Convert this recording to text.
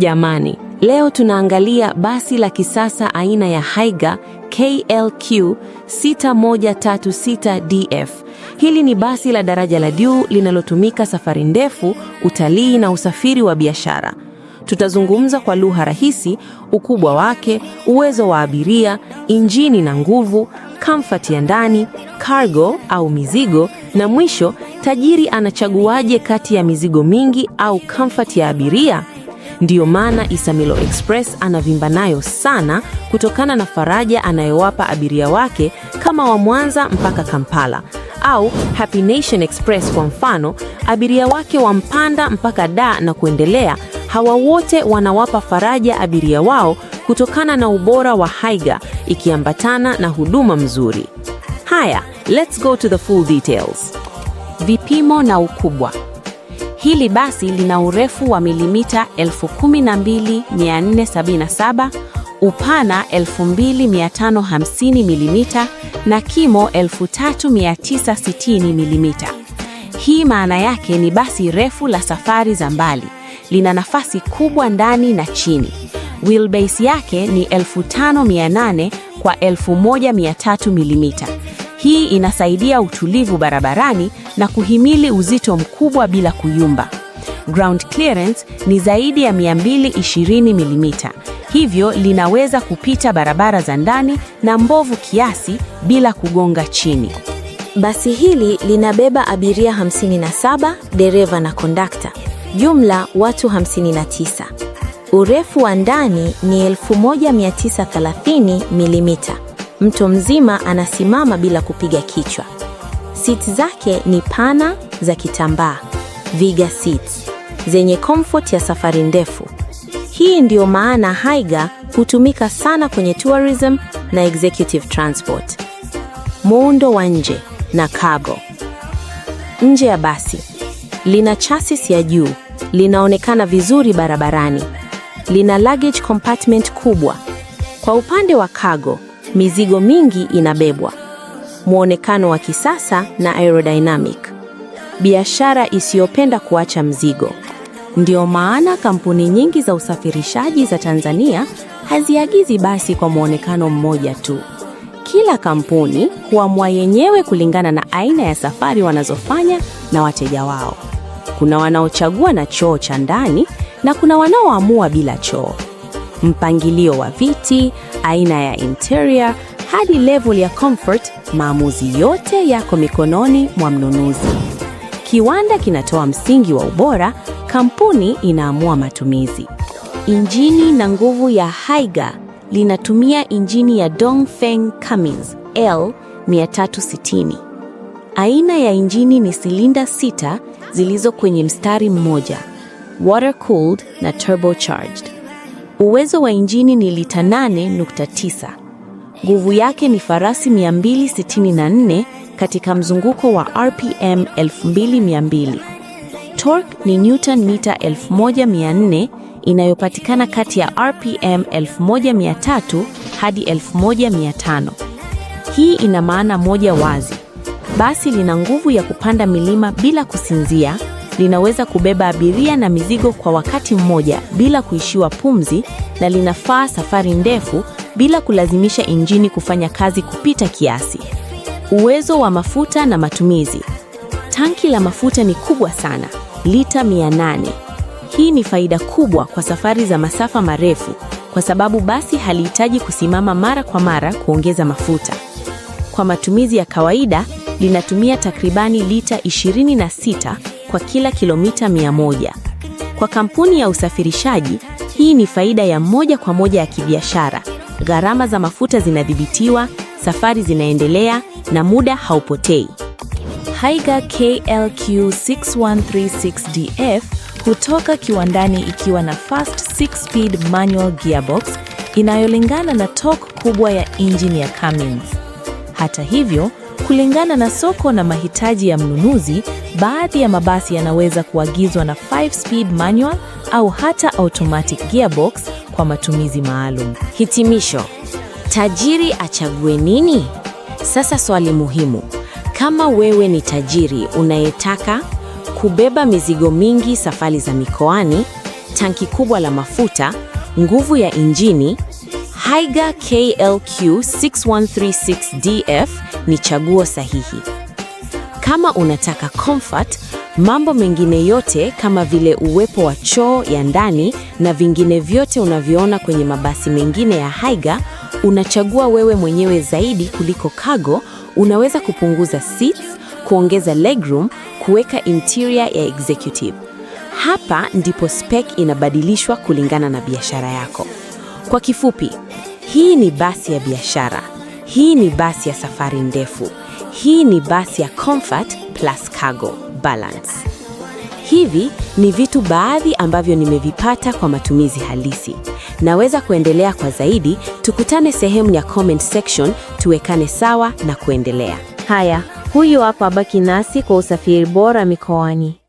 Jamani, leo tunaangalia basi la kisasa aina ya Higer KLQ 6136DF. Hili ni basi la daraja la juu linalotumika safari ndefu, utalii na usafiri wa biashara. Tutazungumza kwa lugha rahisi, ukubwa wake, uwezo wa abiria, injini na nguvu, comfort ya ndani, cargo au mizigo, na mwisho tajiri anachaguaje kati ya mizigo mingi au comfort ya abiria? Ndiyo maana Isamilo Express anavimba nayo sana kutokana na faraja anayowapa abiria wake kama wa Mwanza mpaka Kampala au Happy Nation Express kwa mfano, abiria wake wa Mpanda mpaka Dar na kuendelea. Hawa wote wanawapa faraja abiria wao kutokana na ubora wa haiga ikiambatana na huduma mzuri. Haya, let's go to the full details. Vipimo na ukubwa. Hili basi lina urefu wa milimita 12477, upana 2550 mm na kimo 3960 mm Hii maana yake ni basi refu la safari za mbali, lina nafasi kubwa ndani na chini. Wheelbase yake ni 5800 kwa 1300 mm Hii inasaidia utulivu barabarani na kuhimili uzito mkubwa bila kuyumba. Ground clearance ni zaidi ya 220 mm, hivyo linaweza kupita barabara za ndani na mbovu kiasi bila kugonga chini. Basi hili linabeba abiria 57, dereva na kondakta, jumla watu 59. Urefu wa ndani ni 1930 mm. Mtu mzima anasimama bila kupiga kichwa. Seat zake ni pana za kitambaa, Viga siti zenye comfort ya safari ndefu. Hii ndiyo maana Higer hutumika sana kwenye tourism na executive transport. Muundo wa nje na cargo. Nje ya basi lina chassis ya juu, linaonekana vizuri barabarani, lina luggage compartment kubwa. Kwa upande wa cargo, mizigo mingi inabebwa muonekano wa kisasa na aerodynamic. Biashara isiyopenda kuacha mzigo. Ndiyo maana kampuni nyingi za usafirishaji za Tanzania haziagizi basi kwa muonekano mmoja tu. Kila kampuni huamua yenyewe kulingana na aina ya safari wanazofanya na wateja wao. Kuna wanaochagua na choo cha ndani na kuna wanaoamua bila choo. Mpangilio wa viti, aina ya interior hadi level ya comfort, maamuzi yote yako mikononi mwa mnunuzi. Kiwanda kinatoa msingi wa ubora, kampuni inaamua matumizi. Injini na nguvu ya haiga linatumia injini ya Dongfeng Cummins L 360. Aina ya injini ni silinda sita zilizo kwenye mstari mmoja, water cooled na turbocharged. Uwezo wa injini ni lita 8.9. Nguvu yake ni farasi 264 katika mzunguko wa RPM 2200. Torque ni Newton mita 1400 inayopatikana kati ya RPM 1300 hadi 1500. Hii ina maana moja wazi. Basi lina nguvu ya kupanda milima bila kusinzia, linaweza kubeba abiria na mizigo kwa wakati mmoja bila kuishiwa pumzi na linafaa safari ndefu bila kulazimisha injini kufanya kazi kupita kiasi. Uwezo wa mafuta na matumizi. Tanki la mafuta ni kubwa sana, lita 800. Hii ni faida kubwa kwa safari za masafa marefu kwa sababu basi halihitaji kusimama mara kwa mara kuongeza mafuta. Kwa matumizi ya kawaida linatumia takribani lita 26 kwa kila kilomita 100. Kwa kampuni ya usafirishaji, hii ni faida ya moja kwa moja ya kibiashara gharama za mafuta zinadhibitiwa, safari zinaendelea na muda haupotei. Haiga KLQ 6136DF hutoka kiwandani ikiwa na fast 6-speed manual gearbox inayolingana na torque kubwa ya injini ya Cummins. Hata hivyo, kulingana na soko na mahitaji ya mnunuzi, baadhi ya mabasi yanaweza kuagizwa na 5-speed manual au hata automatic gearbox kwa matumizi maalum. Hitimisho, tajiri achague nini? Sasa swali muhimu, kama wewe ni tajiri unayetaka kubeba mizigo mingi, safari za mikoani, tanki kubwa la mafuta, nguvu ya injini, Higer KLQ 6136DF ni chaguo sahihi. Kama unataka comfort Mambo mengine yote kama vile uwepo wa choo ya ndani na vingine vyote unavyoona kwenye mabasi mengine ya haiga, unachagua wewe mwenyewe zaidi kuliko cargo. Unaweza kupunguza seats, kuongeza legroom, kuweka interior ya executive. Hapa ndipo spec inabadilishwa kulingana na biashara yako. Kwa kifupi, hii ni basi ya biashara, hii ni basi ya safari ndefu, hii ni basi ya comfort plus cargo balance. Hivi ni vitu baadhi ambavyo nimevipata kwa matumizi halisi. Naweza kuendelea kwa zaidi, tukutane sehemu ya comment section, tuwekane sawa na kuendelea. Haya, huyu hapa, baki nasi kwa usafiri bora mikoani.